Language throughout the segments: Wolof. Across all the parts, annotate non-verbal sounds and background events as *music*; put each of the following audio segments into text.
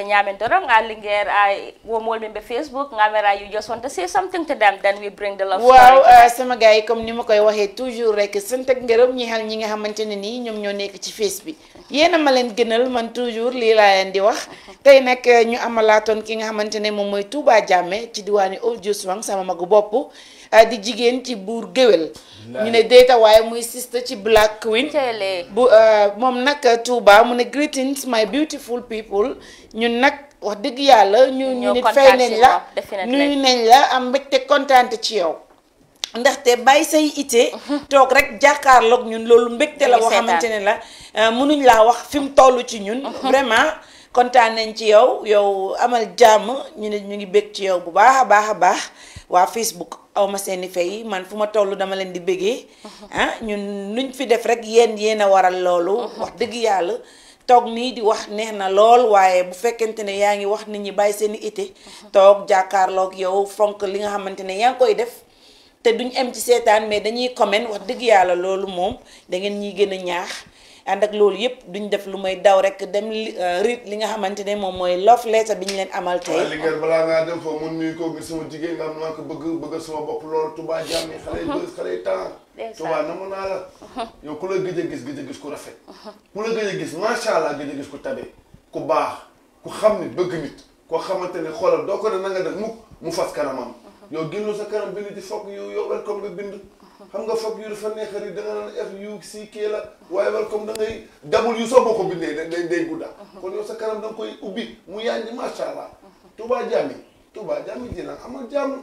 Nyamin Dorong, Lingeer, I Womolmin Facebook, Ngamera, you just want to say something to them, then we bring the love story. Waaw eh, sama gars yi comme ni ma koy waxee toujours rek sant ak ngërëm ñi xel ñi nga xamante ne nii ñoom ñoo nekk ci face bi yéen a ma leen gënal man toujours lii laa leen di wax tey nag eh, ñu amalaatoon ki nga xamante ne moom mooy Touba Jammeh ci diwaani Old Juice Wang sama magu bopp. Eh, di jigéen ci buur géwél ñu ne Data waaye muy sister ci Black Queen bu eh, moom nag eh, Touba mu ne greetings my beautiful people ñun nag wax dëgg yàlla ñu ñu nit fay nañ la nuyu nañ la am mbégte kontaante ci yow ndaxte bàyyi say ite *laughs* toog rek jàkkaarloog ñun loolu mbégte la boo xamante ne la mënuñ laa wax fi mu toll ci ñun *laughs* vraiment kontaan nañ ci yow yow amal jàmm ñu ne ñu ngi bég ci yow bu baax a baax a baax waa Facebook aw ma seeni fay man fu ma toll dama leen di bëggee. Uh-huh. ah ñun luñ fi def rek yéen yéen a waral loolu. Uh-huh. wax dëgg yàlla toog nii di wax neex na lool waaye bu fekkente ne yaa ngi wax nit ñi bàyyi seen i ité. Uh-huh. toog jàkkaarloog yow fonk li nga xamante ne yaa ngi koy def. te duñ am ci seetaan mais dañuy comment wax dëgg yàlla loolu moom dangeen ngeen ñuy gën a ñaax. ànd ak loolu yëpp duñ def lu may daw rek dem euh, rit li nga xamante ne moom mooy love letter bi ñu leen amal tey waaw Linguère balaa ngaa dem foofu mun nuyu ko gis sama jigéen nga am naa ko bëgg bëgg sama bopp loolu Touba jàmm yi xale yi bës xale yi temps Touba namu naa la *laughs* yow ku la gëj gis gëj a gis ku rafet *laughs* ku la gis macha allah gëj gis ku tabe ku baax ku xam ne bëgg nit koo xamante ne xoolal doo ko ne na nga def mukk mu fas kanamam yow génnul sa kanam bind ci fokk yu yow welcome nga bind xam nga fokk yu dafa neexari da nga naan f yu si kii la waaye welcome da ngay dabul yu soo boo ko bindee da day day gudda kon yow sa kanam da nga koy ubbi mu yànji macha allah Touba Diamé Touba Diamé ji nag amal jàmm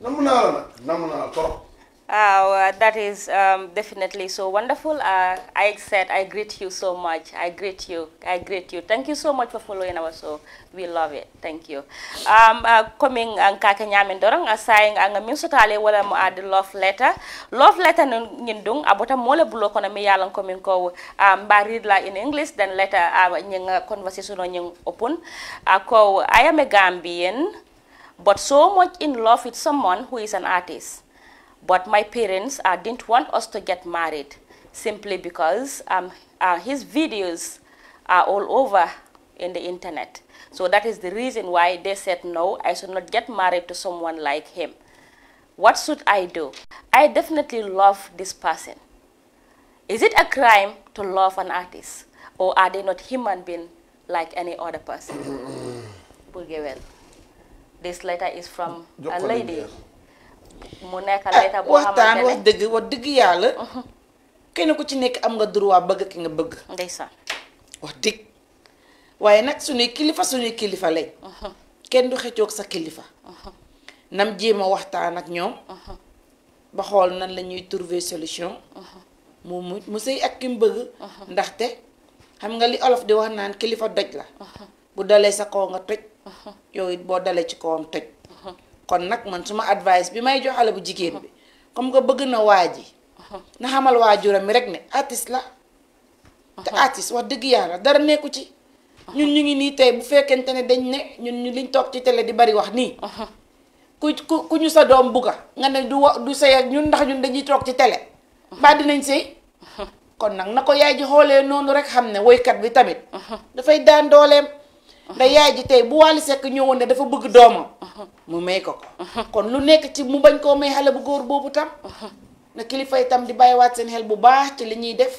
namu naa la nag namu naa la trop Uh, that is um, definitely so wonderful. Uh, I said I greet you so much. I greet you. I greet you. Thank you so much for following our show. We love it. Thank you. Um, uh, coming ang uh, kake nyamin dorang asaying ang min sotale wala mo ad love letter. Love letter nun nyindung abota mole bulo kona mi yalan coming ko um, barid la in English then letter uh, nying uh, conversation on nying open. Ako, uh, I am a Gambian but so much in love with someone who is an artist. But my parents uh, didn't want us to get married simply because um, uh, his videos are all over in the internet. So that is the reason why they said no, I should not get married to someone like him. What should I do? I definitely love this person. Is it a crime to love an artist? Or are they not human being like any other person? *coughs* Bulgewell. This letter is from a lady. mu nekk ah, waxtaan wax dëgg wax dëgg yàlla. kenn ku ci nekk am nga droit bëgg ki nga bëgg. ndeysaan wax dëgg waaye nag suñuy kilifa suñuy kilifa lañ. Uh-huh. kenn du xëccoog sa kilifa. Uh-huh. nam jéema waxtaan ak ñoom. Uh-huh. ba xool nan la ñuy trouver solution. mu mu mu sëy ak ki mu bëgg. ndaxte xam nga li olof di wax naan kilifa doj la. bu dalee sa kaw nga toj. yow it boo dalee ci kawam toj. kon nag man suma advice bi may jox xale bu jigéen bi comme que bëgg na waa ji na xamal waajuram mi rek ne artiste la te artiste wax dëgg yàlla dara nekku ci ñun ñu ngi nii tey bu fekkente ne dañ ne ñun ñu liñ toog ci tele di bari wax nii ku ku ku ñu sa doom bugga nga ne du wa du sëy ñun ndax ñun dañuy toog ci télé mbaa dinañ sëy kon nag na ko yaay ji xoolee noonu rek xam ne woykat bi tamit dafay daan dooleem nda yaay ji tey bu Wally Seck ñëwoon ne dafa bëgg doomam mu may ko ko kon lu nekk ci mu bañ koo may xale bu góor boobu tam na kilifa itam di bàyyiwaat seen xel bu baax ci li ñuy def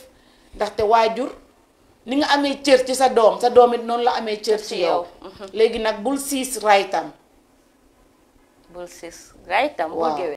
ndaxte waajur ni nga amee cër ci sa doom sa doom noonu la amee cër ci yow léegi nag bul siis raay tam bul siis raay tam bul géwél